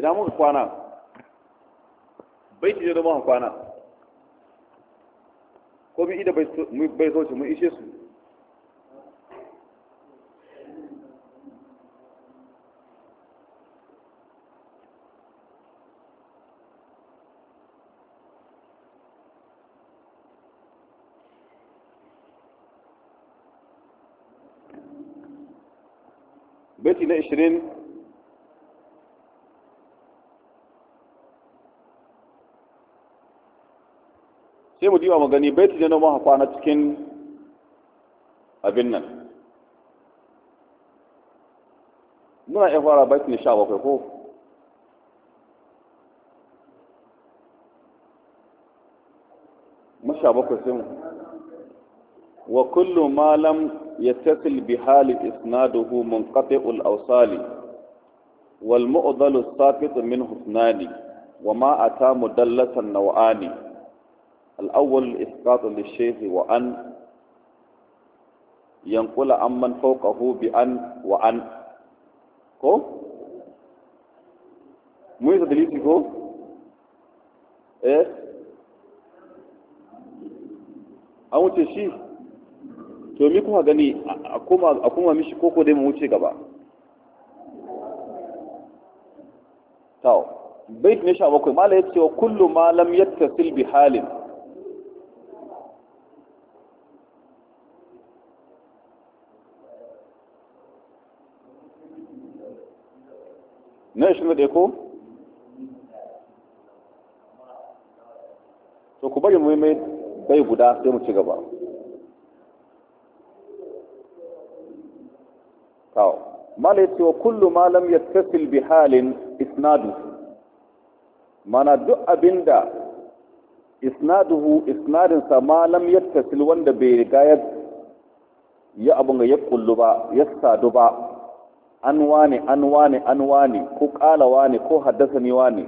idan muka kwana bai tijo da muka kwana ko mu ida bai zo mu ishe su baiti na 20 sai mu diba mu gani baiti da noma kwana cikin abin nan muna iya fara bai ne sha bakwai ko mu sha bakwai sai mu wa kullu ma lam yattasil bi hali isnaduhu munqati'ul awsali wal mu'dalu saqit min husnani wa ma ata mudallatan naw'ani الأول إسقاط للشيخ وأن ينقل عن من فوقه بأن وأن كو مو يتدليسي كو إيه an wuce shi to mi kuma gani a kuma mishi koko dai mu wuce gaba tau bait ne sha bakwai mala ya cewa kullu ma lam yattasil bi halin na ko to ku bari mu mai bai guda sai mu ci gaba kawo mala yace wa kullu malam ya tafil bi halin isnadu mana duk abinda isnaduhu isnadin sa malam lam wanda bai riga ya ya ya kullu ba ya sadu ba an wane an wane an wane ko ƙala wane ko haddasa ni wane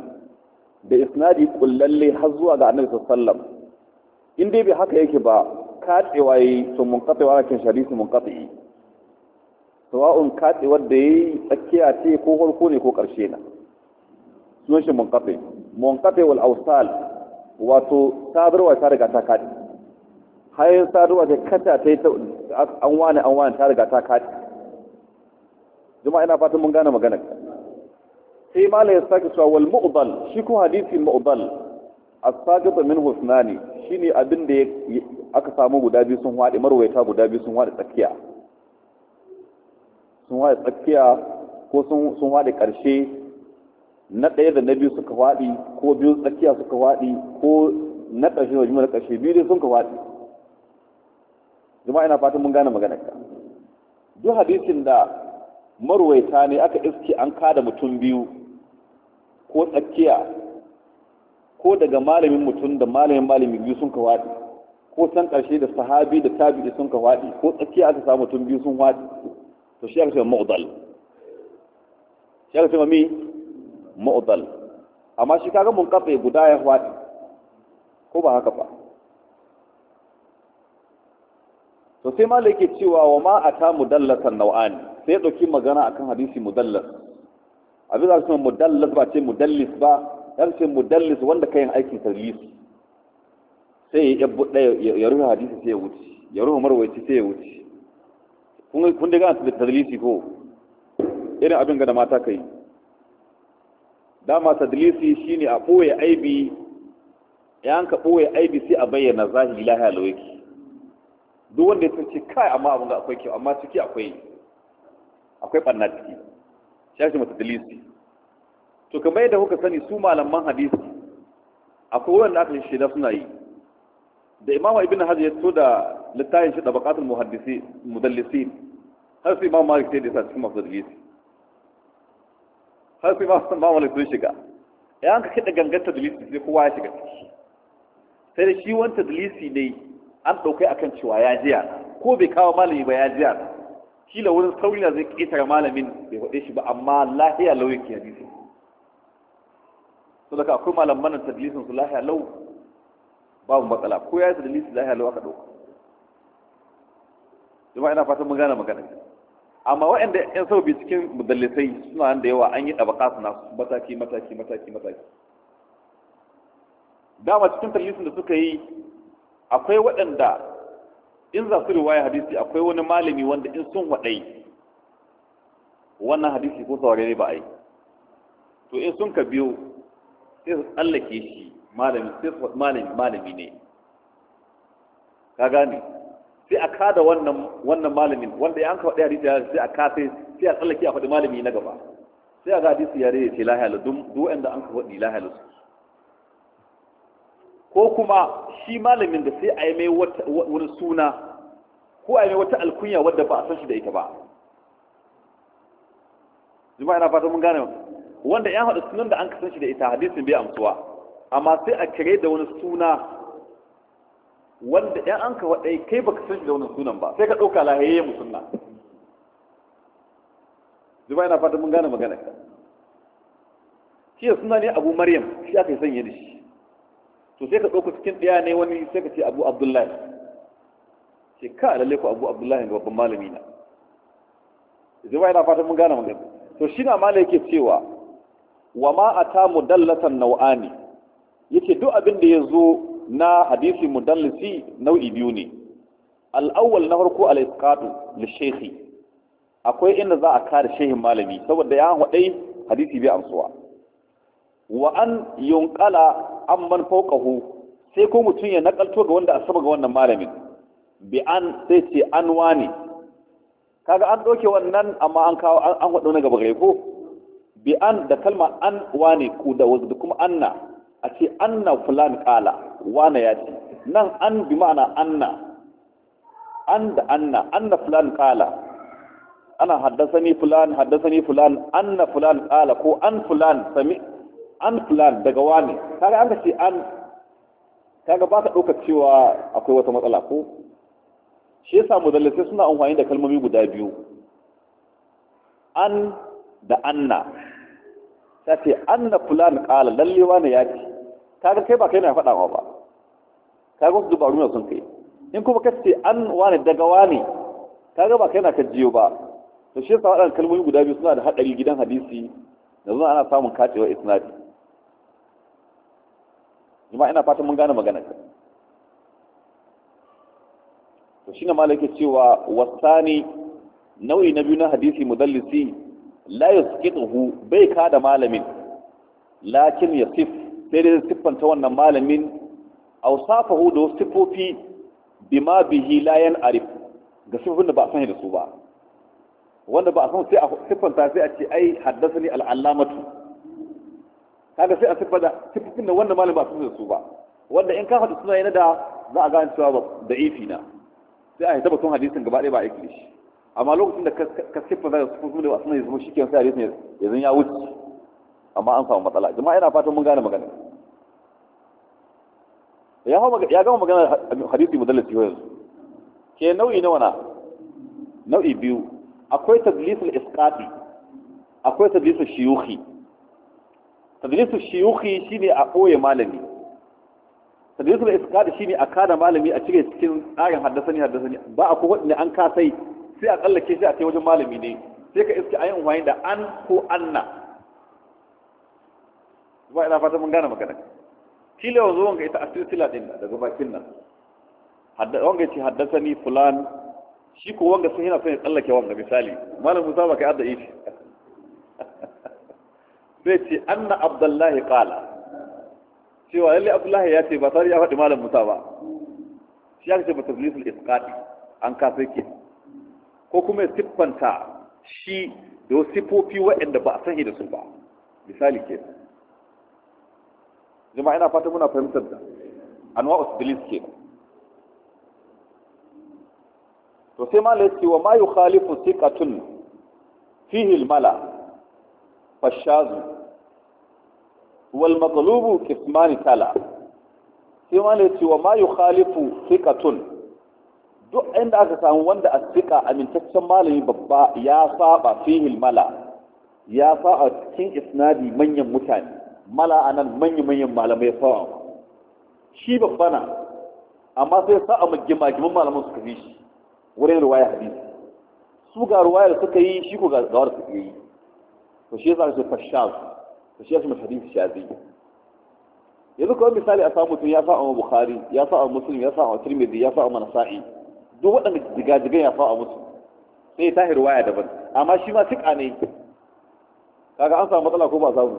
da isnadi kullalle har zuwa ga annabi sallam in dai bai haka yake ba katsewa yi to munqati wa mun kafa yi. sawa'un katsewar da yayi tsakiya ce ko farko ne ko karshe na sun shi munqati munqati wal awsal wato sadarwa ta riga ta kadi hayin sadarwa da kata ta an wani an wani ta riga ta kadi jama'a ina fatan mun gane magana sai malai ya sake cewa wal mu'dal shi ko hadisi mu'dal as-sagit min husnani shine abin da aka samu guda biyu sun wadi marwaita guda biyu sun wadi tsakiya sun wadi tsakiya ko sun wadi karshe na ɗaya da na biyu suka wadi ko biyu tsakiya suka wadi ko na ƙarshe da jimlar ƙarshe biyu dai sun ka haɗi jama'a ina fatan mun gane magana ka duk hadisin da marwaita ne aka iske an kada mutum biyu ko tsakiya ko daga malamin mutum da malamin malamin biyu sun ka waɗi ko san ƙarshe da sahabi da tabi'i sun ka waɗi ko tsakiya aka samu mutum biyu sun waɗi to shi aka ce mu'dal shi aka ce mami mu'dal amma shi kaga mun kafa guda ya waɗi ko ba haka ba to sai ma yake cewa wa ma ata mudallasan nau'ani sai dauki magana akan hadisi mudallas abin da kuma mudallas ba ce mudallis ba ya ce mudallis wanda kayan aikin tarlis sai ya buɗe ya rufe hadisi sai ya wuce ya rufe marwaci sai ya wuce kun kun da tarlisi ko irin abin ga da mata kai dama tadlisi shine a boye aibi yan ka boye aibi sai a bayyana zahiri lahiya lawaki duk wanda ya tsinci kai amma abin da akwai kyau amma ciki akwai akwai ɓanna ciki shashi mata dalisi to kama yadda kuka sani su malaman hadisi akwai wanda aka shi, shaida suna yi da imama ibn hajji ya so da littafin shi da bakatun muhaddisi mudallisi har sai imam malik sai da sa cikin masu dalisi har su imama malik sun shiga ya an ka kiɗa gangan dalisi sai kowa ya shiga ciki sai da shi wani dalisi ne an ɗaukai akan cewa ya jiya ko bai kawo malami ba ya jiya kila wurin sauri na zai ƙetare malamin bai faɗe shi ba amma lahiya lau ke hadisi to daga akwai malaman nan tadlisin su lahiya lau babu matsala ko ya yi tadlisi lahiya lau aka ɗauka jama'a ina fatan mun gane magana amma waɗanda yan sau bi cikin mudallisai suna nan da yawa an yi ɗabaka suna mataki mataki mataki mataki dama cikin tadlisin da suka yi akwai waɗanda in za su riwaya hadisi akwai wani malami wanda in sun waɗai wannan hadisi ko ne ba a yi to in sun ka biyo sai su tsallake shi malami sai su malami malami ne ka gane sai a kada wannan wannan malamin wanda ya an ka faɗi hadisi sai a ka sai a tsallake a faɗi malami na gaba sai a ga hadisi ya rage ce lahiya duk wanda an ka faɗi lahiya su ko kuma shi malamin da sai a yi mai wani suna ko a yi mai wata alkunya wadda ba a san shi da ita ba juma'a ina fata mun gane wanda ya haɗa sunan da an kasan shi da ita hadisin bai amsuwa amma sai a kire da wani suna wanda ɗan an ka waɗai kai ba ka san shi da wani sunan ba sai ka ɗauka lahayayyen musulma juma'a ina fata mun gane magana shi suna ne abu maryam shi aka yi sanya da shi to sai ka ɗauka cikin ɗaya ne wani sai ka ce abu abdullahi ce ka lalle ku abu abdullahi ga babban malami na ba yana fatan mun gane magana to shi na malai yake cewa wa ma a ta mudallatan nau'ani yake duk abin da ya zo na hadisi mudallisi nau'i biyu ne al'awwal na farko a isqatu li shehi, akwai inda za a kare shehin malami saboda ya haɗe hadisi bai amsuwa wa an an amman fawqahu sai ko mutum ya nakalto ga wanda asaba ga wannan malamin bi an sai ce an wani kaga an doke wannan amma an kawo an hado na gaba gare ko bi an da kalma an wani ku da wasu da kuma anna a ce anna fulan kala wani ya ce nan an bi ma'ana anna an da anna anna fulan kala ana haddasa ni fulan ni fulan anna fulan kala ko an fulan sami an fulan daga wani kaga an ce an kaga ba ka ɗaukar cewa akwai wata matsala ko shi yasa mudallisai suna amfani da kalmomi guda biyu an da anna ta ce anna fulan kala lalle wani ya ce kaga kai ba kai na faɗa ba kaga wasu dubaru na sun kai in kuma ka ce an wani daga wani kaga ba kai na ka jiyo ba to shi yasa waɗannan kalmomi guda biyu suna da haɗari gidan hadisi yanzu ana samun kacewa isnadi jama'a ina fatan mun gane maganar ka to shine malaka cewa wasani nau'i na biyu na hadisi mudallisi la yasqituhu bai ka da malamin lakin yasif sai dai ta wannan malamin safahu da sifofi bima bihi la arif, ga sifofin da ba a da su ba wanda ba a san sai a sifanta sai a ce ai haddasa ni al'allamatu kaga sai a siffa da siffofin da wannan malamin ba su da su ba wanda in ka faɗi suna yana da za a gane cewa da ifi na sai a yi tabbatun hadisin gaba ɗaya ba a shi amma lokacin da ka siffa su kuma da ba yanzu shi ke sai hadisin zan ya wuce amma an samu matsala jama'a ina fatan mun gane magana ya gama magana hadisi mudallasi yanzu ke nau'i nawa na nau'i biyu akwai tadlisul isqati akwai tadlisul shiyuhi tadrisu shiyuhi shine a ɓoye malami tadrisu iskad shine a kada malami a cire cikin tsarin haddasani haddasani ba a kowa ne an kasai sai a tsallake shi a kai wajen malami ne sai ka iske ayin wayin da an ko anna ba ina fata mun gane magana kila yanzu wanga ita asirtila din daga bakin nan wanga ce haddasani fulan shi ko wanga sai yana son ya tsallake wanga misali malam musa ba kai adda shi zai ce anna abdullahi kala cewa lalle abdullahi ya ce ba sai ya faɗi malam musa ba shi ya ce batazlisul isqati an kafe ke ko kuma siffanta shi da wasu sifofi waɗanda ba a sani da su ba misali ke jama'a ina fata muna fahimtar da anwa'u tadlis ke to sai malai ce wa ma yukhalifu thiqatun fihi al-mala' fashazu wal maqlubu kismani tala sai wani ce wa ma yukhalifu thiqatun duk inda aka samu wanda a amintaccen malami babba ya saba fihil mala ya saba cikin isnadi manyan mutane mala anan manyan manyan malamai ya saba shi babba na amma sai sa a magimagiman malaman suka fi shi wurin ruwaya hadisi su ga ruwayar suka yi shi ko ga gawar suka yi to za yasa shi fashaz Fashe shi yasa mai hadisi shazi yanzu kawai misali a samun mutum ya fa'a wa bukhari ya fa'a Musulmi, ya fa'a wa tirmidhi ya fa'a wa nasa'i duk waɗanda jigajigan ya fa'a musu sai ya tahir waya daban amma shi ma tuka ne kaga an samu matsala ko ba samu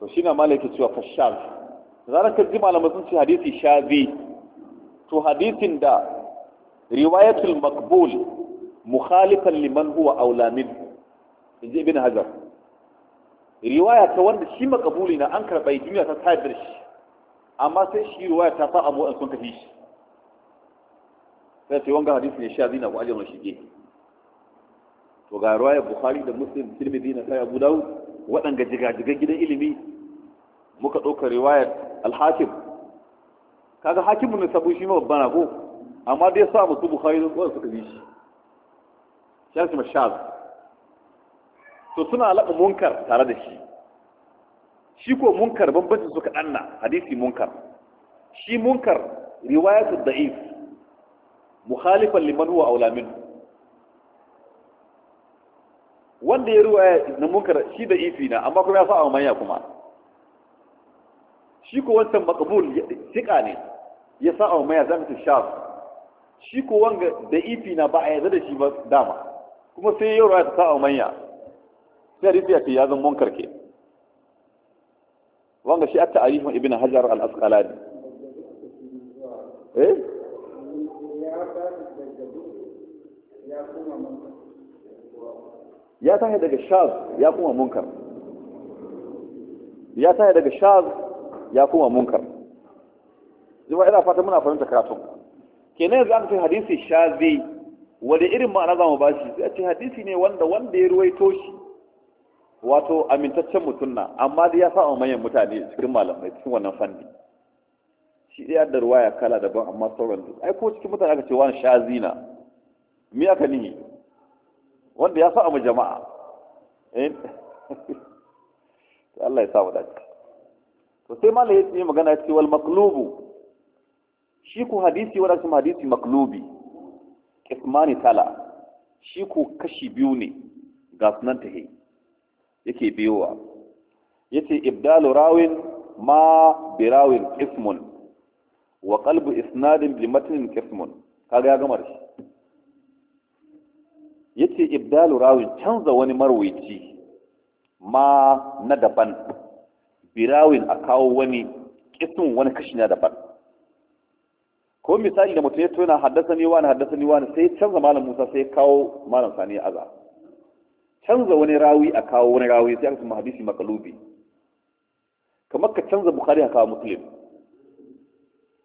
to shi na malaki cewa fashaz zarar ka ji malamai sun ce hadisi shazi to hadisin da riwayatul makbul mukhalifan liman huwa aula minhu inji ibn hajar riwaya ta wanda shi makabuli na an karɓai duniya ta tayar da shi amma sai shi riwaya ta fa'a mu'an sun tafi shi sai sai wanga hadisi ne sha zina ko ajiyar shige to ga riwaya bukhari da muslim tirmidhi na sai abu dawud waɗanga jigajigan gidan ilimi muka ɗauka riwayar alhakim kaga Hakim ne sabu shi ma babbana ko amma dai sa musu bukhari da suka bi shi shi ake mashaz to suna laɓa munkar tare da shi shi ko munkar bambancin suka anna hadisi munkar shi munkar riwayatu da'if mukhalifan liman huwa aula min. wanda ya ruwaya na munkar shi da ifi na amma kuma ya fa a manya kuma shi ko wancan makabul tika ne ya sa a manya zamatin shaf shi ko wanga da ifi na ba a yarda da shi ba dama kuma sai yau ya ta sa'a manya sai a ya ce ya zan munkar ke wanga shi at ta'arifin ibn hajar al-asqalani eh ya tashi daga shaz ya kuma munkar ya tashi daga shaz ya kuma munkar zuwa ina fata muna fahimta karatun kenan yanzu an fi hadisi shazi wani irin ma'ana za mu ba shi sai a ce hadisi ne wanda wanda ya ruwaito shi wato amintaccen mutum na amma da ya sa manyan mutane cikin malamai cikin wannan fanni shi ɗaya da ruwaya kala daban amma sauran duk ai ko cikin mutane aka ce wani shazina mi aka nihi wanda ya sa mu jama'a eh Allah ya sa mu dace to sai malai ya yi magana ce wal maqlubu shi ku hadisi wanda shi hadisi maqlubi Ismani tala shi ko kashi biyu ne ga sunan he yake biyowa yace ibdalu rawin ma bi rawin ismun wa qalbu isnadin bi matnin ismun kaga ya gama shi yace ibdalu rawin canza wani marwayi ma na daban rawin a kawo wani ismun wani kashi na daban ko misali da mutum ya tona haddasa ni wani haddasa ni wani sai canza malam musa sai kawo malam sani ya aza canza wani rawi a kawo wani rawi sai aka samu hadisi makalubi kamar ka canza bukari a kawo musulun,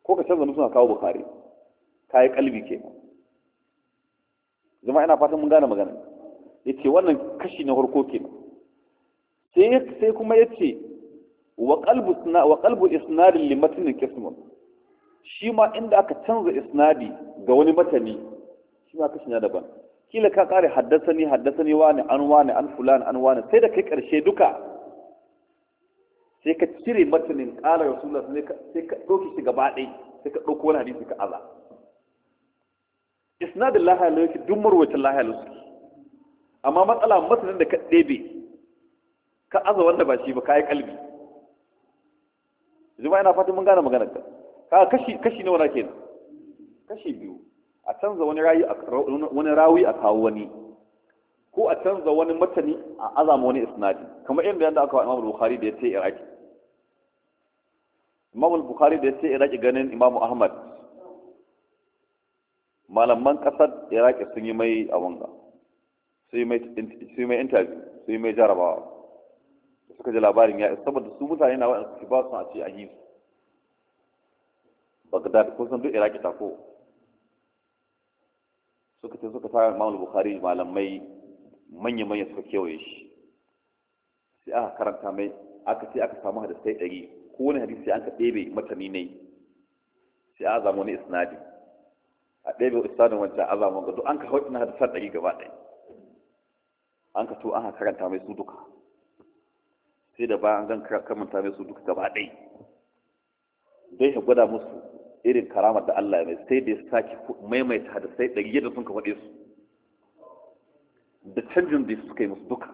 ko ka canza musulun a kawo bukari ka yi kalbi ke zama ina fatan mun gane magana ya ce wannan kashi na harko ke sai kuma ya ce wa kalbu isnadin limatinin kismun shi ma inda aka canza isnadi ga wani matani shi ma kashi na daban kila ka kare haddasa haddasa wa ne, an ne, an ne, an ne. sai da kai karshe duka sai ka cire matanin kala rasulullah sai ka doki shi gaba ɗai sai ka ɗauko wani hadisi ka aza isnadin lahaya lauki duk marwacin lahaya lauki amma matsala matanin da ka ɗebe ka aza wanda ba shi ba ka yi kalbi yanzu ina fatan mun gane maganar ka kashi na nawa na kenan kashi biyu a canza wani rawi a kawo wani ko a canza wani matani a azama wani isnadi kamar yadda yadda aka wa Imam Bukhari da ya ce Iraki Imam Bukhari da ya ce Iraki ganin Imam Ahmad malaman kasar Iraki sun yi mai a wanga sun yi mai interview sun yi mai jarabawa suka ji labarin ya isa saboda su mutane na waɗanda su ba su a ce a yi su bagdad ko san duk iraki ta ko suka ce suka fara imam bukhari malamai manya-manya suka kewaye shi sai aka karanta mai aka ce aka samu sai ɗari ko wani hadisi an ka ɗebe matani ne sai a zama wani isnadi a ɗebe isnadin wancan a zama gado an ka hau ina hadisan ɗari gaba ɗaya an ka to an karanta mai su duka sai da ba an gan karanta mai su duka gaba ɗaya dai ya gwada musu irin karamar da Allah ya mai sai da ya sake maimaita da sai da yadda sun ka faɗe su da canjin da suka yi musu duka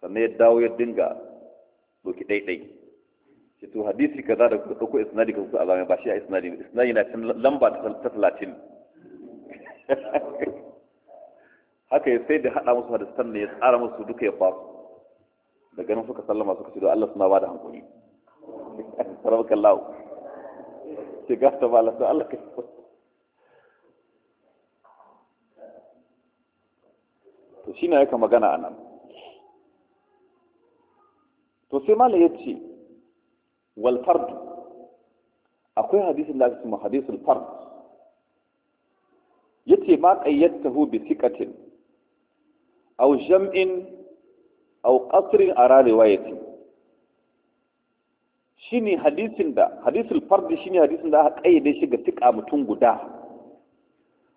sannan ya dawo ya dinga doki ɗaiɗai shi to hadisi ka za da kuka ɗauko isnadi ka kuka azami ba shi a isnadi isnadi na can lamba ta talatin haka ya sai da haɗa musu hadisan ne ya tsara musu duka ya fasu da ganin suka sallama suka ce da Allah suna ba da hankali ce gata ba lasa Allah ka to shi na yaka magana a nan to sai malam ya ce wal fardu akwai hadisin da ake cewa hadisul fard ce ma qayyatahu bi thiqatin Au jam'in au aw qasrin ya ce. shine hadisin da hadisul fardi shine hadisin da aka kayyade shi ga tuka mutum guda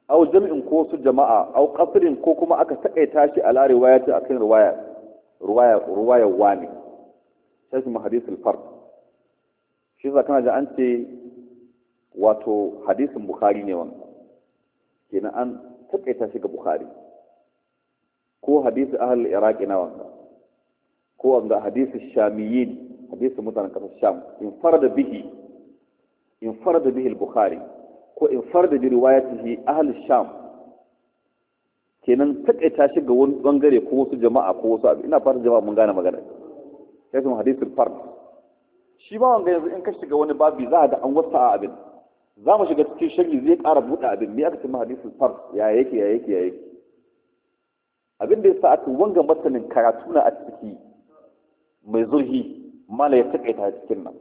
aw jami'in ko su jama'a aw qasrin ko kuma aka takaita shi ala riwayati akan riwaya riwaya riwaya wani sai kuma hadisul fard shi za kana ji an ce wato hadisin bukhari ne wannan kenan an takaita shi ga bukhari ko hadisi ahlul iraqi na wannan ko wanda hadisi shamiyin hadisin mutanen kasar sham in farada bihi in farada bihi al-bukhari ko in farada bi riwayatihi ahli sham kenan takaita shi ga wani bangare ko wasu jama'a ko wasu abu ina fata jama'a mun gane magana sai sun hadisin fard shi ba wanga yanzu in ka shiga wani babi za a da an wasa a abin za mu shiga cikin shari zai ƙara buɗe abin me aka ce hadisin fard ya yake ya yake ya yake abin da ya sa aka wanga masanin karatu na a ciki mai zurhi mala ya takaita cikin nan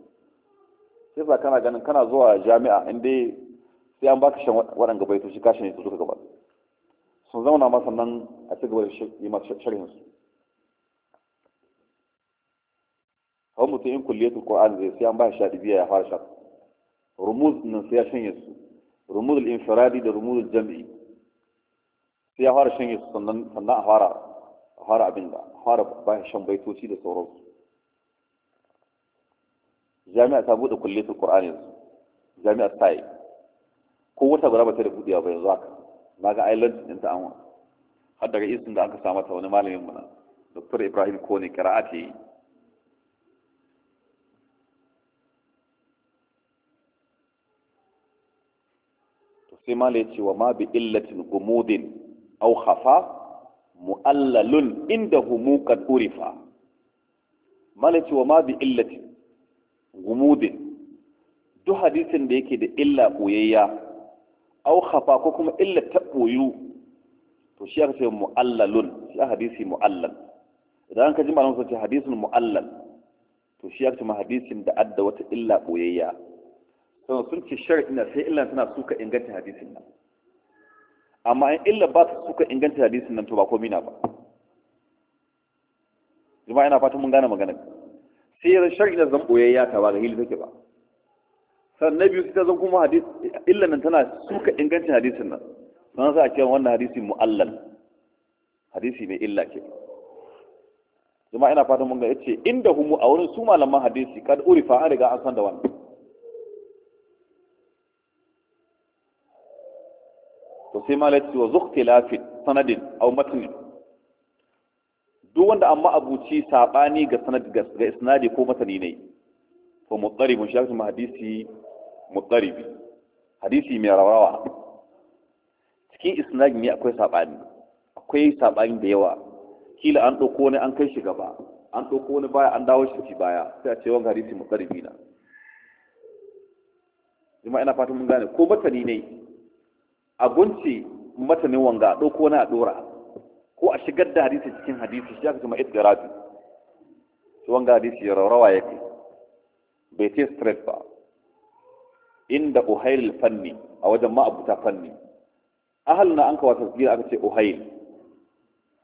sai sa kana ganin kana zuwa jami'a inda sai an baka shan waɗanda baitoci ka shanye su duka gaba sun zauna ma sannan a ci gaba da yi masu sharhin su hawan mutum in kulliyatul qur'an zai sai an ba shi shaɗi biya ya fara shaɗi rumuz nan sai ya shanye su rumuz al-infiradi da rumuz al-jam'i sai ya fara shanye su sannan a fara a abin da a fara ba shan baitoci da sauransu jami'a ta buɗe su qur'ani su, jami'a ta yi ko wata guda ba ta da buɗewa ba yanzu haka na ga island din ta amma har daga isin da aka samu ta wani malamin mu na dr ibrahim kone qira'ati yi sai malai ce wa ma bi illatin gumudin au hafa mu'allalun inda humukan urifa mala ce wa ma bi illatin gumudin duk hadisin da yake da illa ɓoyayya au khafa ko kuma illa ta ɓoyu to shi aka ce mu'allalun shi aka hadisi mu'allal idan ka ji malamu sun hadisin mu'allal to shi aka ce ma hadisin da adda wata illa ɓoyayya sannan sun ce shari'i na sai illa tana suka inganta hadisin nan amma in illa ba ta suka inganta hadisin nan to ba komai na ba jama'a ina fatan mun gane maganar sai yanzu shari'a da zan ɓoye ta ba ga hili take ba sannan na biyu sai ta zan kuma hadis illan nan tana suka ingancin hadisin nan sannan sa a cewa wannan hadisi mu'allal hadisi mai illa ke kuma ina fatan mun ga yace inda humu a wurin su malaman hadisi kad urifa an riga an san da wannan to sai malai wa wa zukhtilafin sanadin aw matnin duk wanda amma abuci sabani ga sanad ga isnadi ko masani ne fa mun shi ma hadisi muqarribi hadisi mai rawawa cikin isnadi ne akwai sabani akwai sabani da yawa kila an dauko ne an kai shi gaba an dauko wani baya an dawo shi baya sai a ce wanga hadisi muqarribi na jama'a ina fatan mun gane ko matani ne a gunci matanin wanga dauko na a ɗora. ko a shigar da hadisi cikin hadisi shi aka kuma idgarabi shi wanga hadisi ya rawa ya kai bai ce stress ba inda uhail fanni a wajen ma'abuta fanni ahal na an kawo tasbiri aka ce uhail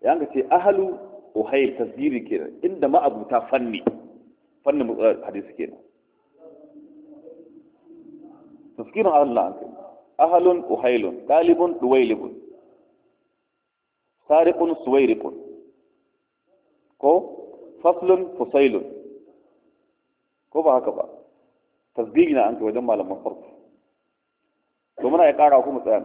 ya an ka ce ahalu uhail tasbiri ke inda ma'abuta fanni fannin eh, hadisi ke kenan tasbirin Allah an kai ahalun uhailun ɗalibun ɗuwailibun sariqun suwairiqun ko faslun fusailun ko ba haka ba tasbihi na an wajen malaman farko to muna ya kara kuma tsaya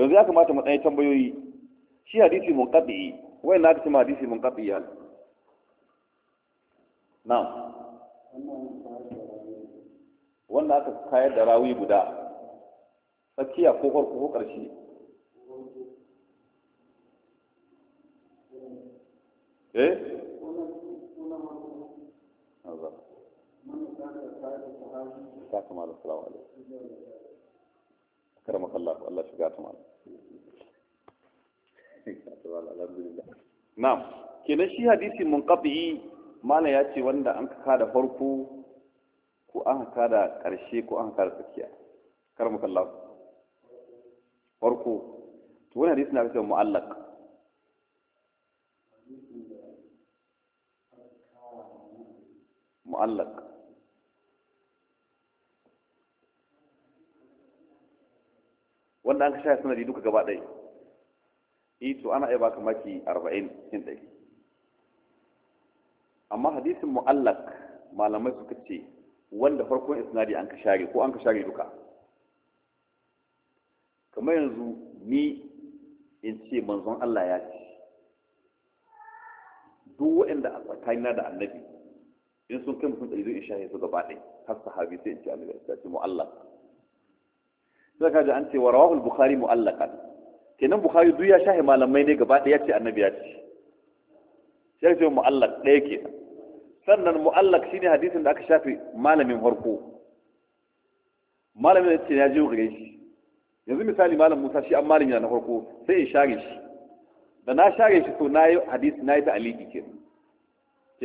yanzu ya kamata mu tsaye tambayoyi shi hadisi mun kaɗi wai na ka ma hadisi mun kaɗi ya na'am wanda aka kayar da rawi guda tsakiya ko farko ko ƙarshe eh na'am kenan shi hadisi munqati malam ya ce wanda an kaka da farko ko an haka da ƙarshe ko an haka da tsakiya kar mu kalla farko to wannan hadisi na cewa mu'allaq mu'allaq wanda an kashe sanadi duka gaba ɗaya ito e, ana iya baka maki arba'in cikin ɗari amma hadisin mu'allaq malamai suka ce wanda farkon isnadi an ka share ko an ka share duka kamar yanzu ni in ce manzon Allah ya ce duk waɗanda a tsakanin da annabi in sun kai mutum ɗari zai in shahe su gaba ɗai har sahabi sai in ce annabi ya ce mu'allaq sai ka ji an ce wa rawahul bukhari mu'allaqan kenan bukhari duk ya shahe malamai ne gaba ɗaya ya ce annabi ya ce sai ce mu'allaq ɗaya kenan sannan mu'allak shine hadisin da aka shafe malamin farko malamin ce ya je gare shi yanzu misali malam Musa shi an malamin na farko sai in share shi da na share shi to nayi hadisi nayi da aliki ke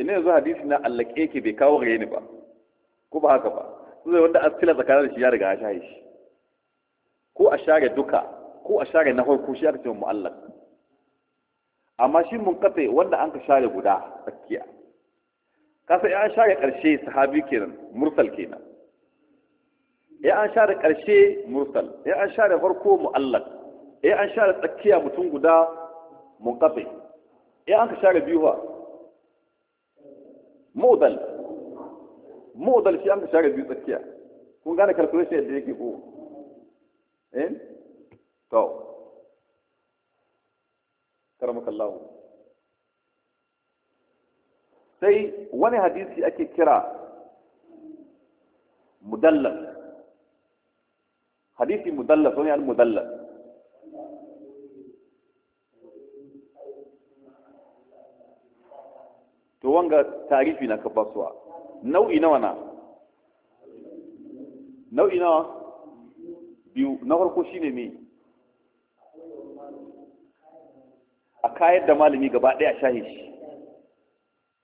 ne yanzu hadisi na allake ke bai kawo gare ni ba ko ba haka ba sai wanda asila tsakanin shi ya riga ya share shi ko a share duka ko a share na farko shi aka ce mu'allak amma shi mun kafe wanda an ka share guda tsakiya kasa ya an share ƙarshe sahabi kenan mursal kenan ya an share ƙarshe mursal ya an share farko mu'allaq ya an share tsakiya mutum guda munqati ya an ka share biyu ba mu'dal mu'dal shi an ka share biyu tsakiya kun gane calculation yadda yake ko eh to karamakallahu sai wani hadisi ake kira mudallas hadisi mudallas wani al-mudallas to wanga tarifi na kafasuwa nau'i nawa na nau'i nawa biyu na farko shine me a kayar da malami gaba daya shahi shi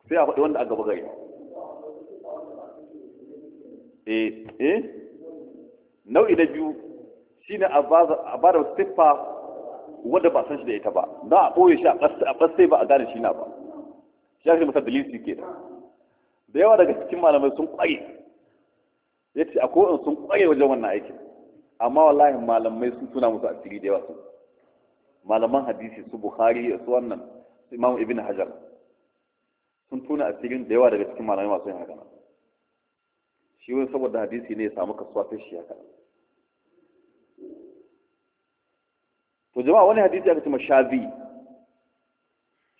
sai a faɗi wanda a gaba gari eh eh nau'i na biyu shi ne a ba da siffa wadda ba san shi da ita ba na a ɓoye shi a ƙasai ba a gane shi na ba shi ake masa su ke da da yawa daga cikin malamai sun ƙwaye ya ce a kowane sun ƙwaye wajen wannan aikin amma wallahi malamai sun tuna musu asiri da yawa su malaman hadisi su bukhari su wannan imam ibn hajar sun tuna asirin da yawa daga cikin malamai masu yin haka shi wani saboda hadisi ne ya samu kasuwa ta shi haka to jama'a wani hadisi aka ce shazi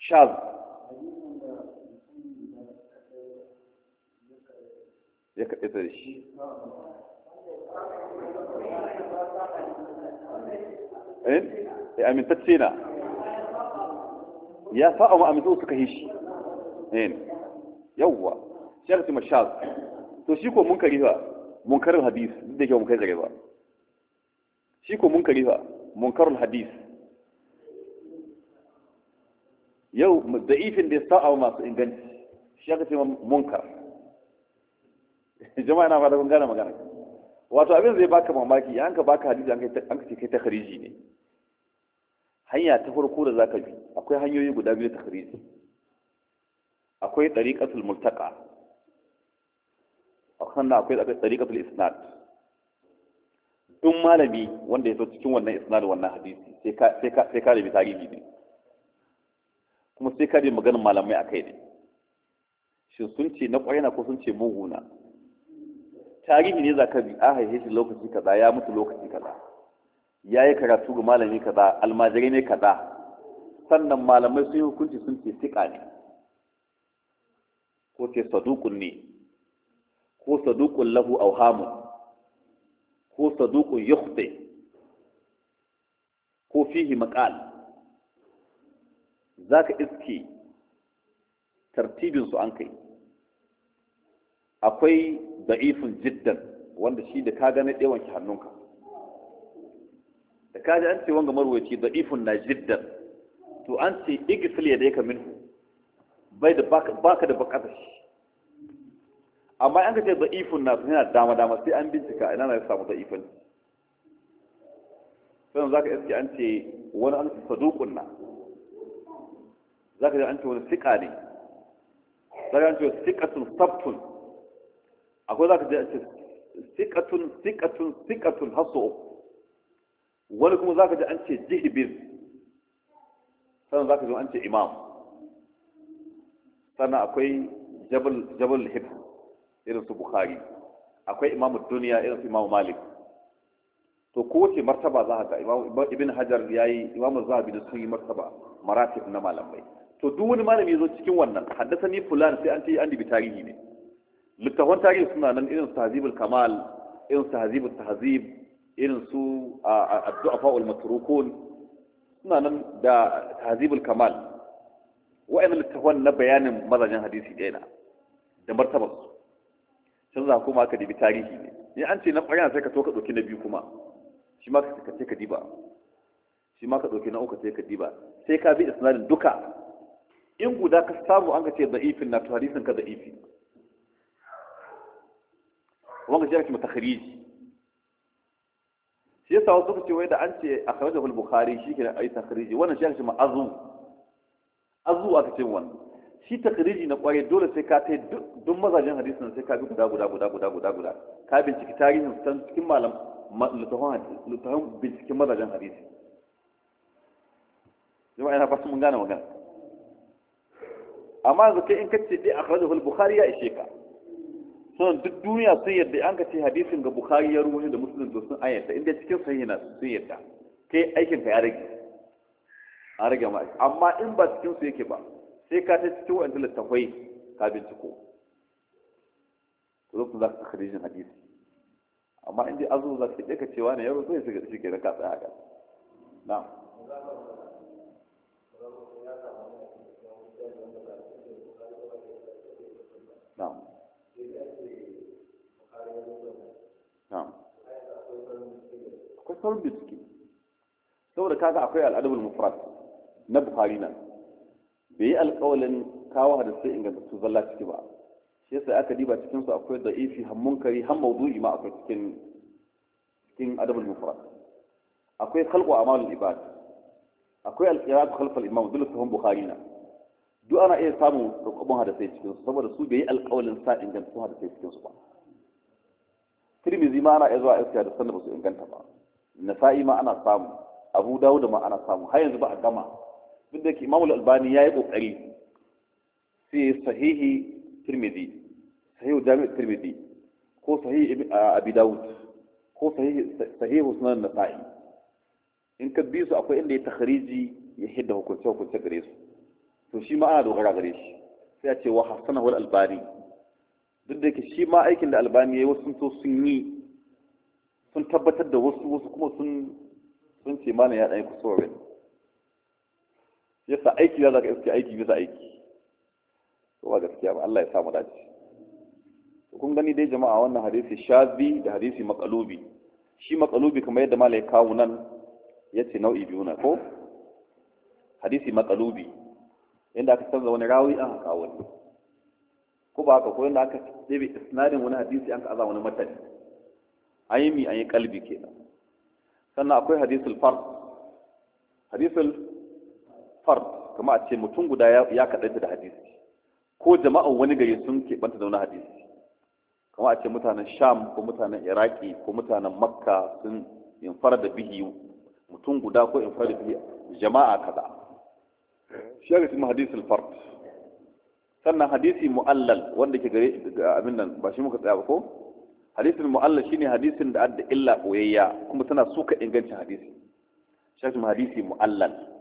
shaz ya kaɗe ta da shi eh? eh amintacce na ya sa'a mu amintu suka yi shi din yawwa shi aka ce mashaz to shi ko munkari fa munkarul hadis duk da kyau mun kai tsare ba shi ko munkari fa munkarul hadis yau da'ifin da ya sa'a masu inganci shi aka ce munkar jama'a na fara kun gane magana wato abin zai baka mamaki ya ka baka hadisi an ka ce kai ta khariji ne hanya ta farko da zaka bi akwai hanyoyi guda biyu ta khariji akwai ɗariƙatul murtaka. a sannan akwai ɗariƙatul isnad in malami wanda ya so cikin wannan isnad wannan hadisi sai ka rabi tarihi ne kuma sai ka rabi maganin malamai a kai ne shin sun ce na ƙwarina ko sun ce muguna tarihi ne za ka bi a haihe shi lokaci kaza ya mutu lokaci kaza ya yi karatu ga malami kaza almajirai ne kaza sannan malamai sun yi hukunci sun ce siƙa ne ko ce saduƙun ne ko saduƙun lahu auhamun, ko saduƙun yukhti ko fihi maqal zaka iske tartibin su an kai akwai da'ifin jiddan wanda shi da ka gane ɗewan ki hannunka da ka ji an ce wanga marwaci da'ifun na jiddan to an ce igfil ya dai ka minhu bai da baka da baka shi amma an ka ce da ifin nasu yana dama dama sai an bincika ina na ya samu da ifin sannan za ka iske an ce wani an saduƙun na za ka ji an ce wani siƙa ne za ka an ce sikatun sabtun akwai za ka ji an ce siƙatun siƙatun siƙatun haso wani kuma za ka ji an ce jihibin sannan za ka ji an ce imam sannan akwai jabal jabal hib irin su bukhari akwai imamu duniya irin su imamu malik to kowace martaba za ka ga ibn hajar ya yi imamu zahabi da sun yi martaba maratib na malamai to duk wani malami zo cikin wannan haddasa ni fulan sai an ce an dibi tarihi ne littafan tarihi suna nan irin su tahzibul kamal irin su tahzibul tahzib irin su addu'a fa'ul matrukun suna nan da tahzibul kamal wa'annan littafan na bayanin mazajen hadisi ɗaya na da martabar su sun za kuma aka dibi tarihi ne Ni an ce na ɓarya sai ka so ka ɗauki na biyu kuma shi ma ka ce ka diba shi ma ka ɗauki na uku sai ka diba sai ka bi isnadin duka in guda ka samu an ka ce ifin na to hadisin ka da'ifi wanda shi ake matakhariji shi yasa wasu suka ce wai da an ce a kharajahu al-bukhari shi ke da ayi takhariji wannan shi ake ma'azu zuwa aka ce wannan shi takriri na kwarai dole sai ka kai duk mazajen hadisin sai ka bi guda guda guda guda guda guda ka binciki tarihin san cikin malam littafin binciken mazajen hadisi zama ina fasa mun gane magana amma yanzu kai in ka ce dai akhrajahu hul bukhari ya ishe ka sunan duk duniya sun yadda an ka ce hadisin ga bukhari ya rubuta da musulun to sun ayyata inda cikin sahih na sun yadda kai aikin ka ya rage an rage ma amma in ba cikin su yake ba sai ka ta cikin wa'anda littafai ka binciko zo ku za ka kharijin hadisi amma in dai azu za ka ɗaka cewa ne yaro zai shiga shi ke da katsa haka na na'am na'am akwai sauran saboda kaga akwai al'adabul mufrad na buhari nan bai yi alkawalin kawo hadisai ingantattun zalla ciki ba shi yasa aka diba cikinsu akwai da ifi hammun kari har mawdu'i ma akwai cikin cikin adabul mufrad akwai khalqu amalul ibad akwai alqira'atu khalfa al-imam dole sahun Buhari na duk ana iya samun rukubun hadisai cikin su saboda su bai yi alkawalin sa ingantattun hadisai cikin su ba tirmizi ma ana iya zuwa iska da sannan ba su inganta ba nasa'i ma ana samu abu dawo da ma ana samu har yanzu ba a gama duk da ke imamul albani ya yi ƙoƙari sai sahihi tirmidhi sahihu jami'u tirmidhi ko sahihi abi dawud ko sahihu sunan nasa'i in ka bi su akwai inda ya takhriji ya hidda hukunce hukunce gare su to shi ma ana dogara gare shi sai a ce wa hasana wal albani duk da ke shi ma aikin da albani yayi wasu to sun yi sun tabbatar da wasu wasu kuma sun sun ce mana ya ɗaya kusurwa yasa aiki za ka iske aiki bisa aiki to ba gaskiya ba Allah ya samu dace kun gani dai jama'a wannan hadisi shazi da hadisi makalubi shi makalubi kamar yadda malai kawo nan ya ce nau'i biyu na ko hadisi makalubi inda aka canza wani rawi an kawo wani ko ba haka ko inda aka ɗebe isnadin wani hadisi an ka aza wani matani an yi mi an yi kalbi kenan sannan akwai hadisul far hadisul fard kama a ce mutum guda ya kaɗaita da hadisi ko jama'an wani gari sun keɓanta da wani hadisi kama a ce mutanen sham ko mutanen iraki ko mutanen makka sun infara da bihi mutum guda ko infara da bihi jama'a kaza shi ya cikin hadisi fard sannan hadisi mu'allal wanda ke gare abin nan ba shi muka tsaya ba ko hadisin mu'allal shine hadisin da adda illa boyayya kuma tana suka ingancin hadisi shi hadisi mu'allal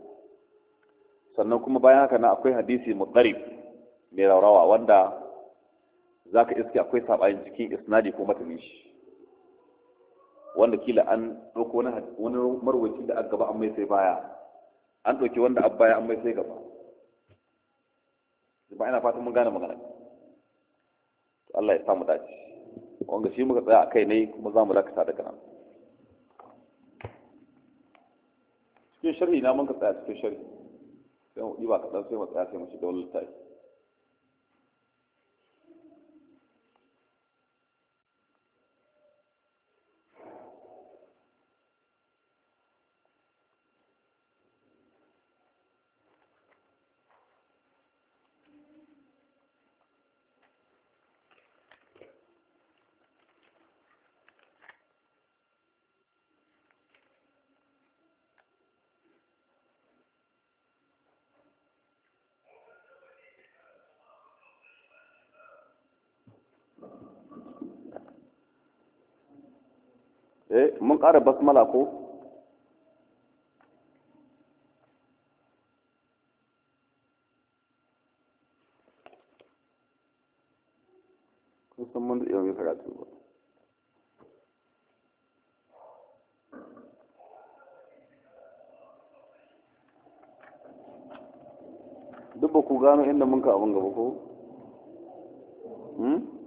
sannan kuma bayan haka na akwai hadisi mutsarif mai raurawa wanda za ka iske akwai saɓayin cikin isnadi ko matanin shi wanda kila an ɗauko wani marwaci da gaba an mai sai baya an ɗauki wanda an baya an mai sai gaba ba ina fatan mun gane magana to Allah ya samu dace wanga shi muka tsaya a kai ne kuma za mu dakata daga nan cikin sharhi na mun ka tsaya cikin sharhi sai mu ɗiba kaɗan sai mu tsaya sai mu shiga wani littafi mun ƙara basmala ko kun san mun da yawon karatu ba duk ba ku gano inda mun ka abin gaba ko? Hmm?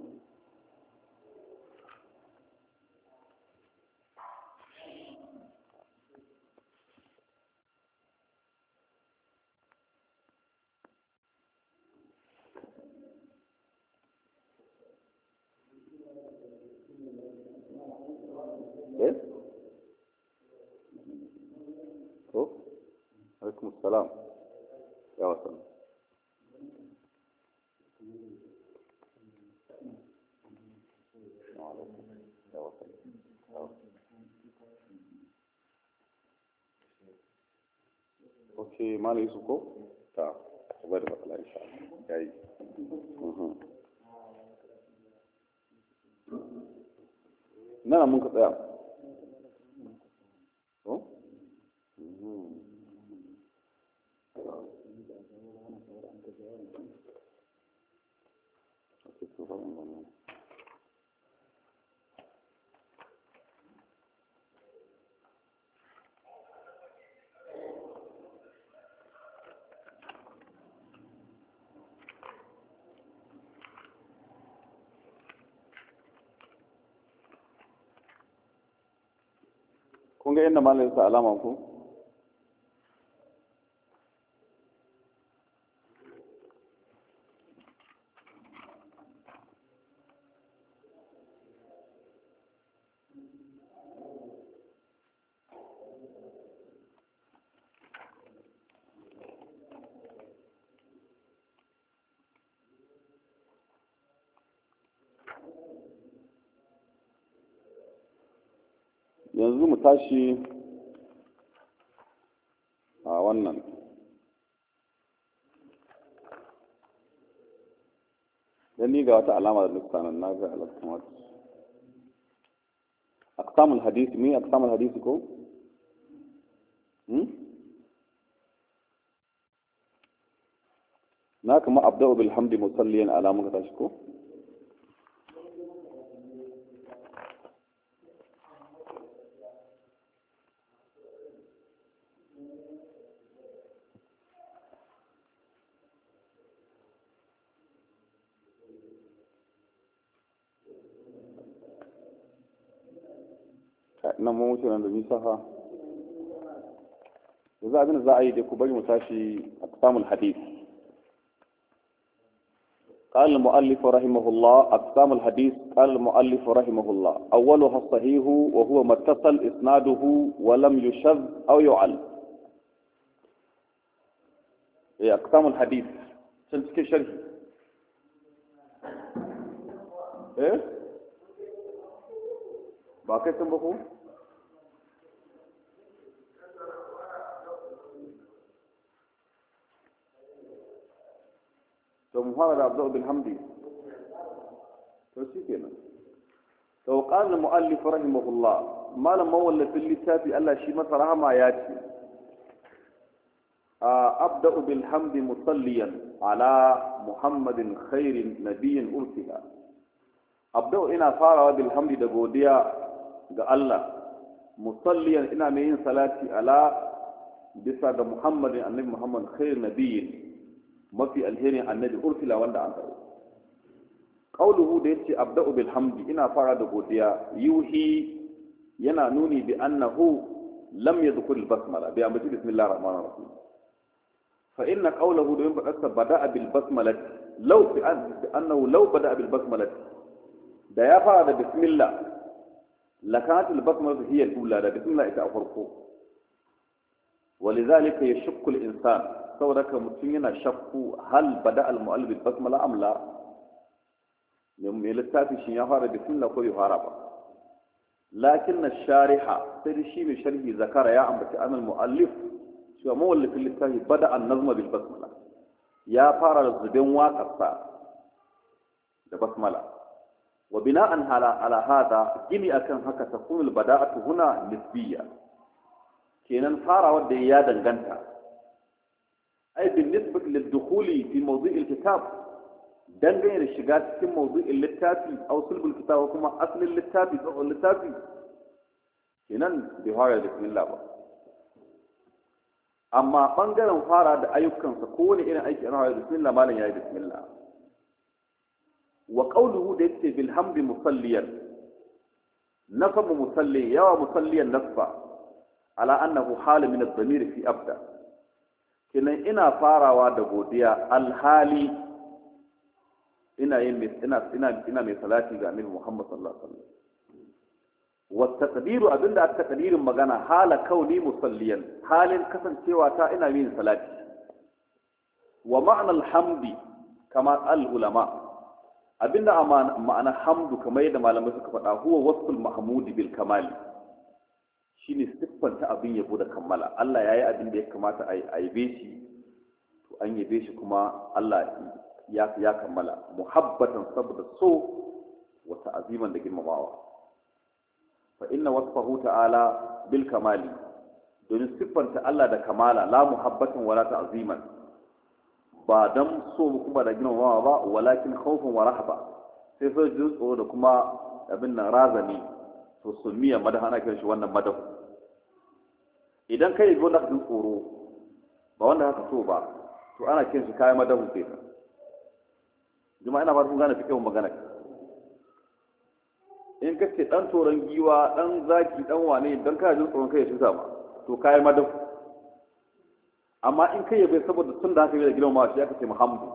mala yusuf ko ta ba da matsala insha Allah yayi mhm. na mun ka tsaya kun ga inda malamin sa alama ko yanzu mu tashi a wannan dan ni ga wata alama da nukuta na ga alaƙa wata aksamul hadisi me samun hadisi ko hmm? na kama abda'u bilhamdi musalliyan alamun ka tashi ko muntaha da أبن abin da za a yi قال المؤلف رحمه الله أقسام الحديث قال المؤلف رحمه الله أولها الصحيح وهو ما اتصل إسناده ولم يشذ أو يعل إيه، أقسام الحديث سنتك شرح إيه باقي سنبقوا to mu fara da abdul bin hamdi to shi kenan to qala muallif rahimahullah malam mawallafin littafi Allah shi masa rahama ya ce abda'u bil hamdi musalliyan ala muhammadin khairin nabiyyin ursila abda'u ina farawa bil hamdi da godiya ga Allah musalliyan ina mai yin salati ala bisa ga muhammadin annabi muhammad khairin nabiyyin mafi alheri annabi ursila wanda an dawo qauluhu da yace abda'u bil hamdi ina fara da godiya yuhi yana nuni bi annahu lam yadhkur al basmala bi amri bismillahir rahmanir rahim fa inna qawluhu da fadasta bada'a bil basmala law bi annahu law bada'a bil basmala da ya fara da bismillah lakat al basmala hiya al ula da bismillah ita farko ولذلك يشك الإنسان saboda ka mutum yana shakku hal bada al basmala amla mai littafi shi ya fara bismillah ko bai fara ba lakin na shariha sai da shi mai sharhi zakara ya ambaci amal mu'allif cewa mawallafin littafi bada an-nazma bil basmala ya fara da zuben waƙarsa da basmala wa bina'an ala hada gini akan haka ta takunul bada'atu huna nisbiyya kenan fara wanda ya danganta ai bin nisbat lil fi mawdu'il kitab dangane shiga cikin mawdu'in littafi aw sulbul kitab kuma asalin littafi ko littafi kenan bai fara da bismillah ba amma bangaren fara da ayyukansa kowane irin aiki ana fara da bismillah malam yayi bismillah wa qawluhu da yace bil hamdi musalliyan nasabu musalli yawa musalliyan nasba ala annahu hal min fi abda kinan ina farawa da godiya alhali ina yin ina ina ina mai salati ga annabi Muhammad sallallahu alaihi wasallam wa taqdiru abinda aka taqdirin magana hala kauni musalliyan halin kasancewa ta ina yin salati wa ma'na alhamdi kama al ulama abinda ma'ana hamdu kamar yadda malamai suka faɗa huwa wasful mahmudi bil kamali shine siffanta abin yabo da kammala Allah ya yi abin da ya kamata a yabe shi to an yabe shi kuma Allah ya kammala muhabbatan saboda so wa aziman da girmamawa fa inna wasfahu ta'ala bil kamali domin siffanta Allah da kamala la muhabbatan wala ta'ziman ba dan so kuma da girmamawa ba walakin khawfan wa rahaba sai sai tsoro da kuma abin nan razani to sumiya madahana kiran shi wannan madahu idan kai zo da ka tsoro ba wanda haka so ba to ana kin shi kayan madahu sai ka juma'a ina ba sun gane fikin magana in ka ce dan toron giwa dan zaki dan wane dan kana jin tsoron kai ya shuta ba to kayan madahu amma in kai ya bai saboda tun da haka yi da ma shi aka ce muhammadu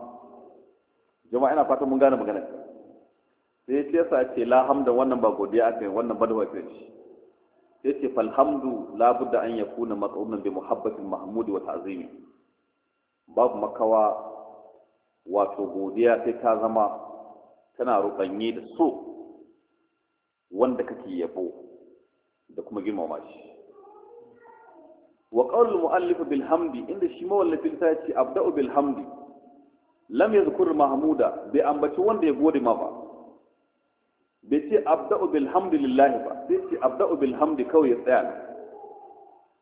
juma'a ina fatan mun gane magana sai ya ce sa ce la hamdan wannan ba godiya aka yi wannan badawa ke shi sai ce falhamdu labudda an ya kuna matsumin bi muhabbatin mahmudi wa ta'zimi babu makawa wato godiya sai ta zama tana rubanye da so wanda kake yabo da kuma girmama shi wa qawlul mu'allif bil hamdi inda shi mawallafin ta ce abda'u bil hamdi lam yadhkur mahmuda bai ambaci wanda ya gode ma ba bai ce abda'u bilhamdulillahi ba sai ce abda'u bilhamdi kawai ya tsaya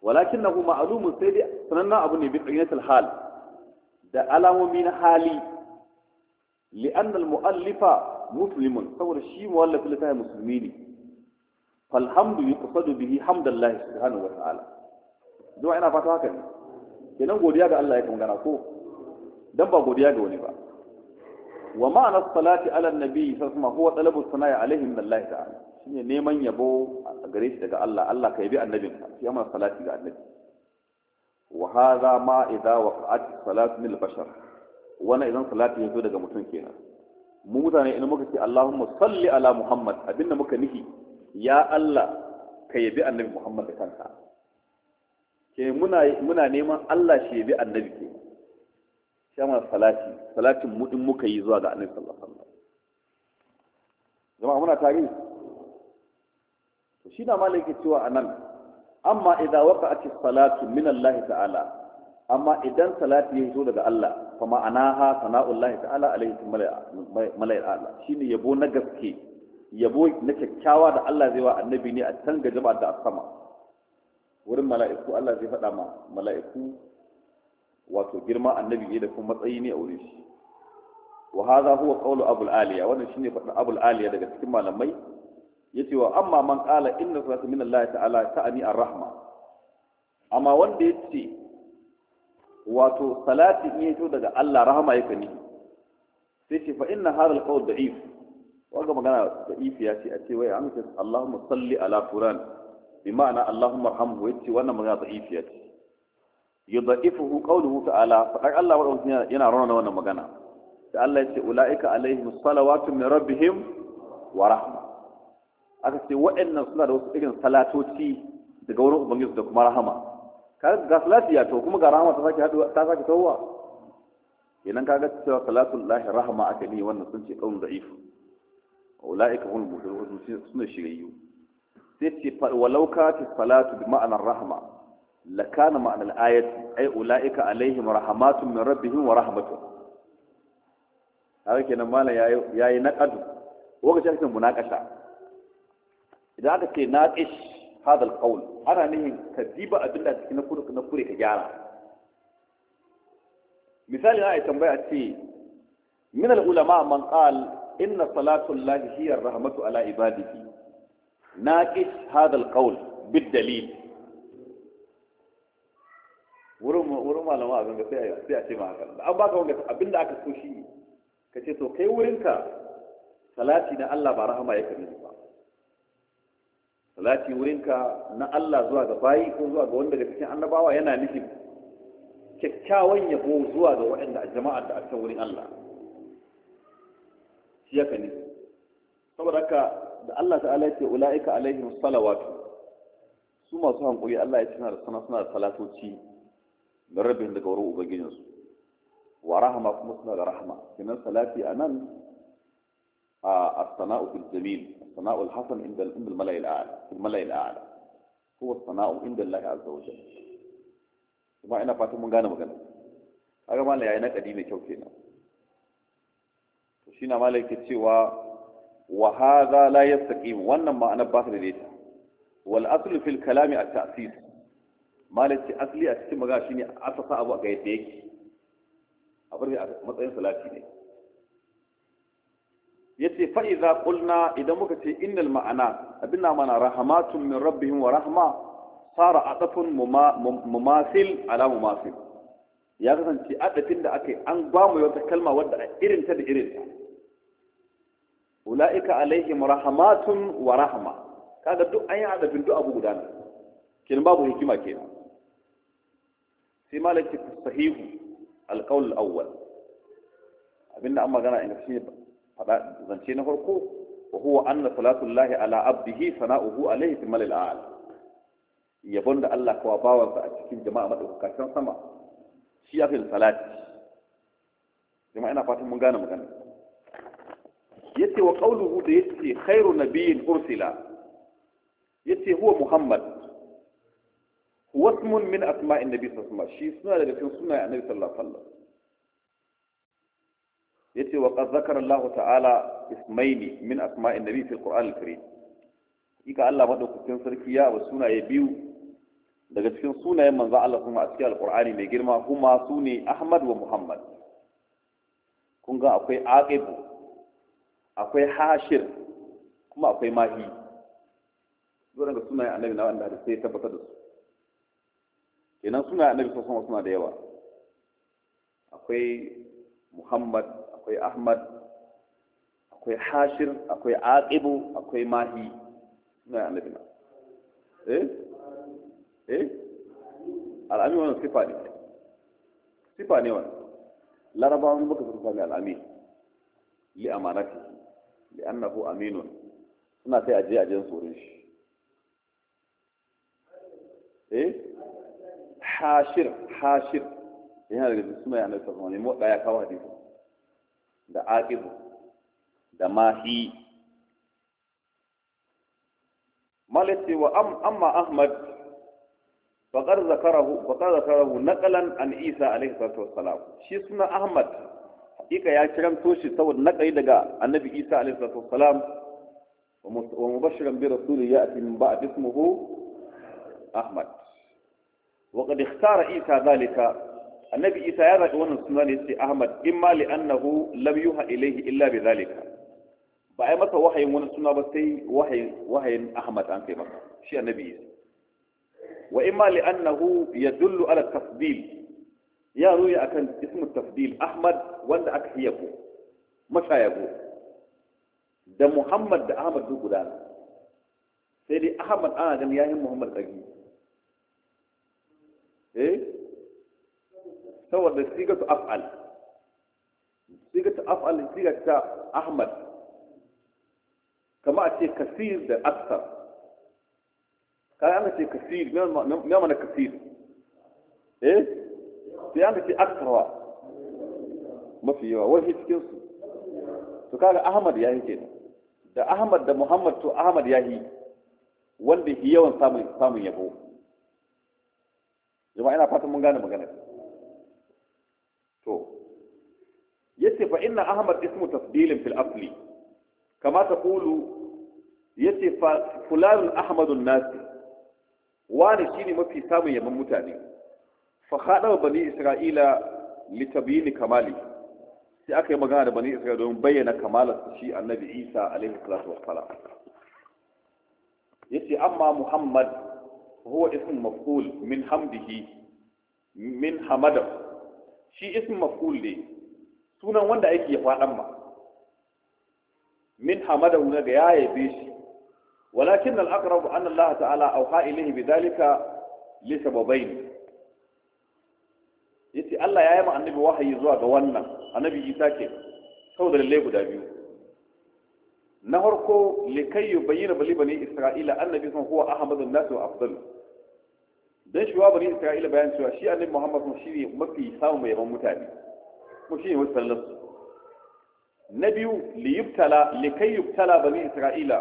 walakin na kuma alumun sai dai sanannen abu ne bi ƙaryatul hal da alamomi na hali li'an al-mu'allifa muslimun saboda shi mu'allaf littafi musulmi ne falhamdu yuqsadu bihi hamdallahi subhanahu wa ta'ala don ina fata haka ne kenan godiya ga Allah ya kangara ko dan ba godiya ga wani ba wa ma'anar salati ala nabi sasma huwa talabu sana'i alaihim lillahi ta'ala shine neman yabo a gare shi daga Allah Allah ka yabi ka, shi ya mana salati ga annabi wa hadha ma idza waqa'at salatu min bashar wannan idan salati yazo daga mutum kenan mu mutane in muka ce Allahumma salli ala Muhammad abinda muka nufi ya Allah ka yabi annabi Muhammad da kanka ke muna muna neman Allah shi yabi annabi kenan kama salati salatin mu din muka yi zuwa ga annabi sallallahu alaihi wasallam jama'a muna tare to shi na malaka cewa anan amma idza waqa'ati salatu min Allah ta'ala amma idan salati ya zo daga Allah fa ma'anaha sana'ullahi ta'ala alaihi malai Allah shine yabo na gaske yabo na kyakkyawa da Allah zai wa annabi ne a tanga jama'a da sama wurin mala'iku Allah zai faɗa ma mala'iku wato girma annabi ne da kuma matsayi ne a wurin shi wa hadha huwa qawlu abul aliya wannan shine faɗin abul aliya daga cikin malamai yace wa amma man qala inna salata min Allah ta'ala ta'ani arrahma amma wanda yace wato salati in yato daga Allah rahama yake ni sai ce fa inna hadha al-qawl da'if wanda magana da'if ya ce a ce wai an ce Allahumma salli ala fulan bi ma'ana Allahumma arhamhu yace wannan magana da'if ya ce yudha'ifuhu qawluhu ta'ala fadar Allah wa yana rauna wannan magana da Allah yace ulaika alaihim salawatu min rabbihim wa rahma aka ce waɗannan suna da wasu irin salatoci daga wurin ubangiji da kuma rahama kaga ga salati ya to kuma ga rahama ta sake haduwa ta sake tawwa idan kaga cewa salatul lahi rahama aka ne wannan sun ce qawlun da'if ulaika hum muhtadun suna shiriyu sai ce walau ka kati salatu bi ma'anar rahama lakana ma'anar ayati ai ula'ika alaihim rahmatun min rabbihim wa rahmatun haka kenan malam yayi naqadu lokacin ake munakasha idan aka ce naqish hada alqawl ana nihin ka diba abin da cikin kure na kure ka gyara misali na ai tambaya ce min ulama man qal inna salatu rahmatu ala ibadihi naqish hada alqawl bid dalil wurin malama abin da sai a ce ma haka an baka wanga abin da aka so shi ka ce to kai wurinka salati na Allah ba rahama ya kare ba salati wurinka na Allah zuwa ga bayi ko zuwa ga wanda daga cikin annabawa yana nufin kyakkyawan yabo zuwa ga waɗanda jama'ar da a wurin Allah shi ya kani saboda haka da Allah ta'ala ya ce ula'ika alaihim salawatu su masu hankuri Allah ya ce suna da salatoci min rabbihim daga wurin ubangijinsu wa rahama kuma suna da rahama kinan salati a nan a as-sana'u bil jamil as-sana'u al inda al malayi al-a'la fil mala'i sanau inda Allah azza wa kuma ina fatan mun gane magana A malai yayi na mai kyau kenan to shine malai ke cewa wa hadha la yastaqim wannan ma'ana ba ta daidaita wal aslu fil kalami at-ta'sis ce asali a cikin magana shine asasa abu ga yadda yake bari a matsayin salati ne yace fa idza qulna idan muka ce innal ma'ana abin na mana rahamatun min rabbihim wa rahma sara adafun mumasil ala mumasil ya kasance adafin da aka yi an ba mu wata kalma wadda a irin ta da irin ta ula'ika alaihim rahamatun wa rahma kaga duk an yi adafin duk abu guda ne kenan babu hikima kenan sai malaki sahihu alƙawul awwal abinda an magana in shi fada zance na farko wa huwa anna salatullahi ala abdihi sana'uhu alayhi fi malil a'la yabon da Allah kawa bawansa a cikin jama'a madaukakan sama shi ya fi salati jama'a ina fatan mun gane magana yace wa qawluhu da yace khairu nabiyyin ursila yace huwa muhammad wasmun min asma'in nabi sallallahu alaihi wasallam shi suna daga cikin sunayen annabi sallallahu alaihi wasallam yace wa qad zakara Allah ta'ala ismaini min asma'in nabi fil qur'an al-karim ika Allah madaukakin sarki ya ba sunaye biyu daga cikin sunayen manzo Allah kuma a cikin alqur'ani mai girma kuma sune Ahmad wa Muhammad kun ga akwai aqib akwai hashir kuma akwai mahi dole ga sunayen annabi na wanda sai tabbatar da su kenan suna annabi sallallahu alaihi suna da yawa akwai muhammad akwai ahmad akwai hashir akwai aqibu akwai mahi suna annabi na eh eh al'ami wannan sifa ne sifa ne wannan larabawan baka sun sami al'ami li amanati li annahu aminun suna sai aje ajen sorin shi eh حاشر حاشر إيه يعني هذا بسم الله الرحمن الرحيم وقع يا كوا حديث ده عاقب ده ماهي مالتي وأم أما أحمد فقد ذكره فقد ذكره نقلا عن عيسى عليه الصلاة والسلام شو اسمه أحمد إيكا يا كرم توشي سوى نقل دقاء النبي عيسى عليه الصلاة والسلام ومبشرا برسول يأتي من بعد اسمه أحمد wa qad ikhtara isa zalika annabi isa ya zaɓi wannan suna ne sai ahmad imma li annahu lam yuha ilayhi illa bi zalika ba ai masa wahayin wani suna ba sai wahayin wahayin ahmad an kai shi annabi isa wa imma li annahu yadullu ala tafdil ya ruya akan ismu tafdil ahmad wanda aka hiyabu mashayabo da muhammad da ahmad duk sai dai ahmad ana ganin yayin muhammad eh saboda sigatu af'al sigatu af'al sigatu ta ahmad kama a ce kasir da aksar kai an ce kasir me mana kasir eh sai an ce wa. mafi yawa wani cikin su to kaga ahmad ya yi kenan da ahmad da muhammad to ahmad ya yi wanda yawan samun yabo jama'a ina fatan mun gane magana to yace fa inna ahmad ismu tafdilin fil asli kama taqulu yace fa fulan ahmadun nasi wani shine mafi samun yaban mutane fa khadaba bani isra'ila li tabyin kamali sai aka yi magana da bani isra'ila don bayyana kamalar shi annabi isa alaihi salatu wassalam yace amma muhammad huwa ism maf'ul min hamdihi min hamada shi ism maf'ul ne sunan wanda aiki ya faɗan ma min hamada na ga ya yabe shi walakin al-aqrab anna ta'ala auha ilayhi bidhalika li sababain yace Allah ya yi ma annabi wahayi zuwa ga wannan annabi Isa ke da lalle guda biyu na farko likai bayyana bali bani isra'ila annabi sun huwa ahmadun nas wa afdal dan shi wa bani isra'ila bayan cewa shi annabi muhammad sun shi mafi samun mai yawan mutane ko shi ne wasu sallar na biyu liyubtala likai yubtala bani isra'ila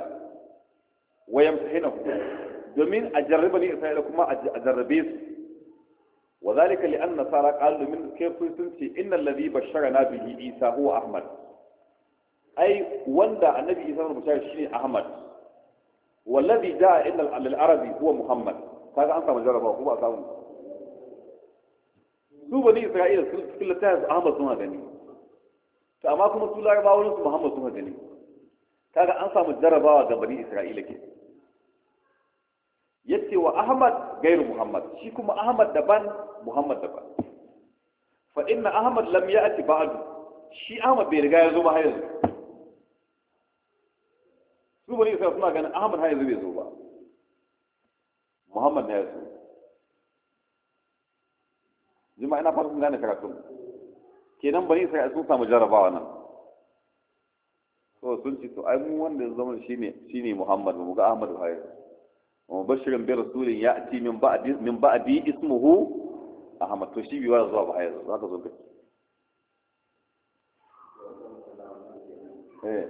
wa yamtahina domin a jarrabe bani isra'ila kuma a jarrabe su wa zalika li anna sara qalu min kayfa sun ce innal ladhi basharana bihi isa huwa ahmad ai wanda annabi isa ibn musayyib shine ahmad wallazi da illa lil arabi huwa muhammad kaga an samu jarraba ko ba samu su bani isra'ila sun cikin littafin ahmad sun gani to amma kuma su laraba wurin su muhammad suna gani kaga an samu jarrabawa ga bani isra'ila ke yace wa ahmad gairu muhammad shi kuma ahmad daban muhammad daban fa inna ahmad lam ya'ti ba'du shi ahmad bai riga ya zo ba har yanzu su bari isa suna ganin ahmad haizu bai zo ba muhammad na ya zo jima ina fara sun gane karatun kenan bari isa sun samu jarabawa nan so sun ci to ai mu wanda ya zama shine shine muhammad mu ga ahmad har wa bashirin bi rasulin ya'ti min ba'di min ba'di ismuhu ahmad to shi biwa zuwa ba haizu. Za zaka zo ka eh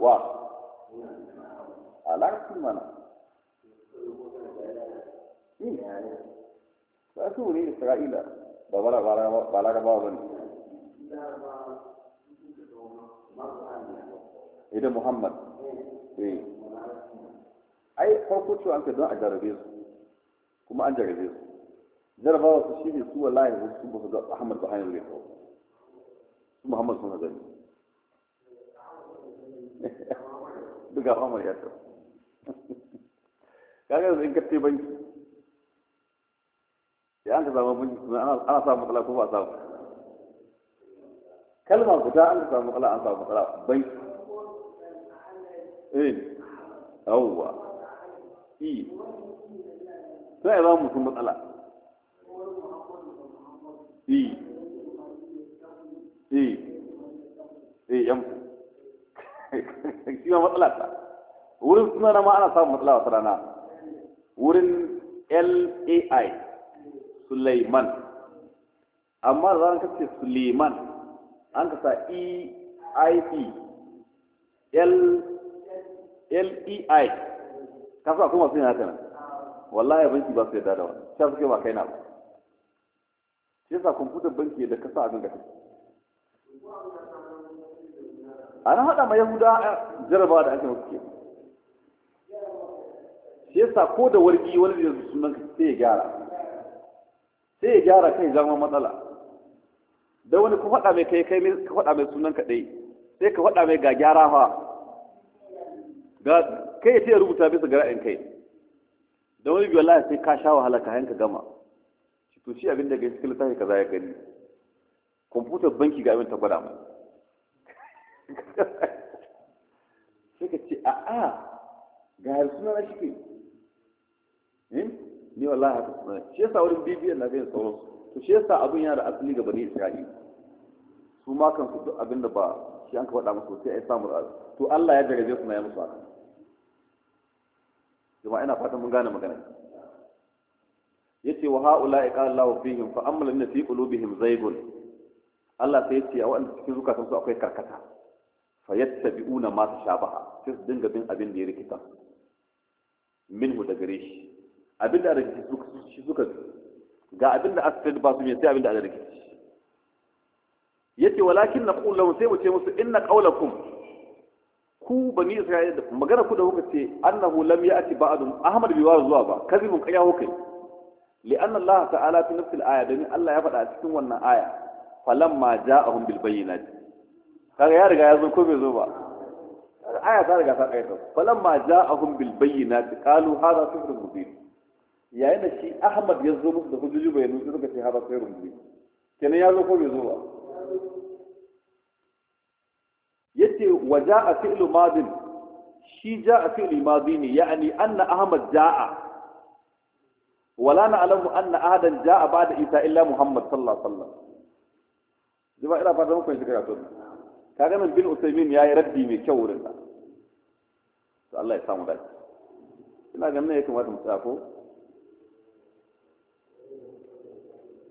wa a larabcin mana hmm. ba su ne isra'ila ba bara ba larabawa ba ne idan muhammad eh ai farko cewa an ka don a jarabe su kuma an jarabe su jarabawa su shi ne su wallahi su ba su ga ahmad ba hanyar ne su muhammad sun gani duka famar ya ta kaga yanzu in ka ce banki ya an ka samu banki ana samu matsala ko ba samu kalma guda an ka samu matsala an samu matsala banki eh yawwa i sai ya zama mutum matsala i i i yan shi ma matsala ta wurin suna ma ana samun matsala wata rana wurin lai suleiman amma da zaran kace suleiman an ka sa e l-e-i kasu akwai masu yana haka nan wallahi banki ba su yadda da wani sha suke ba kai na ba shi yasa kwamfutar banki da kasa abin da kake an haɗa ma yahuda eh, jarabawa da ake musu shi yasa ko da wargi wani da yanzu sunan sai ya gyara sai ya gyara kai zama matsala da wani ka faɗa mai kai kai ka faɗa mai sunan ka sai ka faɗa mai ga gyara fa ga kai ya ya rubuta bisa ga ra'ayin kai da wani biyu Allah sai ka sha wahala ka hanka gama to shi abin da ga cikin littafi kaza ya gani kwamfutar banki ga abin ta gwada mai suka ce a a ga harsuna na shi ne hmm? wallahi haka suna shi yasa wurin bibiyar na zai tsoro? su shi yasa abin yana da asali ga bane isra'i su ma kan su abin da ba shi an ka faɗa sosai sai a yi samun to Allah ya jarabe su na ya musu haka jama'a ina fatan mun gane magana yace wa haula'i qala Allahu fihim fa amma ladina fi qulubihim zaygun Allah sai yace a wanda cikin zukatansu akwai karkata fayattabi'una masu tashabaha sai su dinga bin abin da ya rikita Min hu da gare shi abin da rikici suka ga abin da aka ba su mai sai abin da aka rikici yace walakin naqul lahum sai mu ce musu inna qawlakum ku bani isra'ila magana ku da kuka ce annahu lam ya'ti ba'dum ahmad bi war zuwa ba kazibun kaya hukai li'anna allah ta'ala fi nafsil aya dan allah ya faɗa cikin wannan aya falamma ja'ahum bil bayyinati kaga ya riga ya zo ko bai zo ba aya ta riga ta kaita falan ma ja'ahum bil bayyinati qalu hadha sihrun mubin yayin da shi Ahmad ya zo musu da hujjoji bayanan su suka ce hada sihrun mubin kenan ya zo ko bai zo ba yace wa ja'a fi'lu madin shi ja'a fi'li madi ne ya'ni anna Ahmad ja'a wala na'lamu anna ahadan ja'a ba'da isa illa Muhammad sallallahu alaihi wasallam jama'a ina fata mun fahimci karatu kaga nan bin usaimin ya yi rabbi mai kyau wurin sa to Allah ya samu dace ina ganin ya kamata mu tsaya ko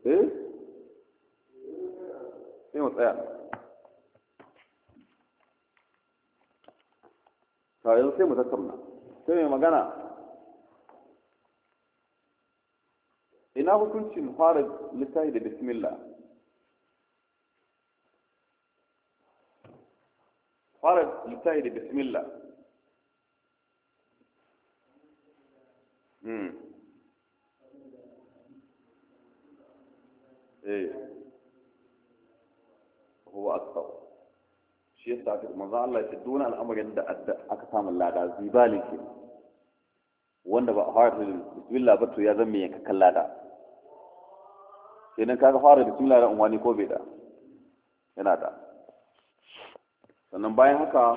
eh sai mu tsaya to yanzu sai mu tattauna sai mai magana ina hukuncin fara littafi da bismillah fara littafi da bismillah hmm. eh huwa akbar shi yasa aka manzo Allah ya duna al'amarin da aka samu lada wanda ba a fara da bismillah ba to ya zama yanka kan lada kenan kaga fara bismillah da unwani ko bai da da sannan bayan haka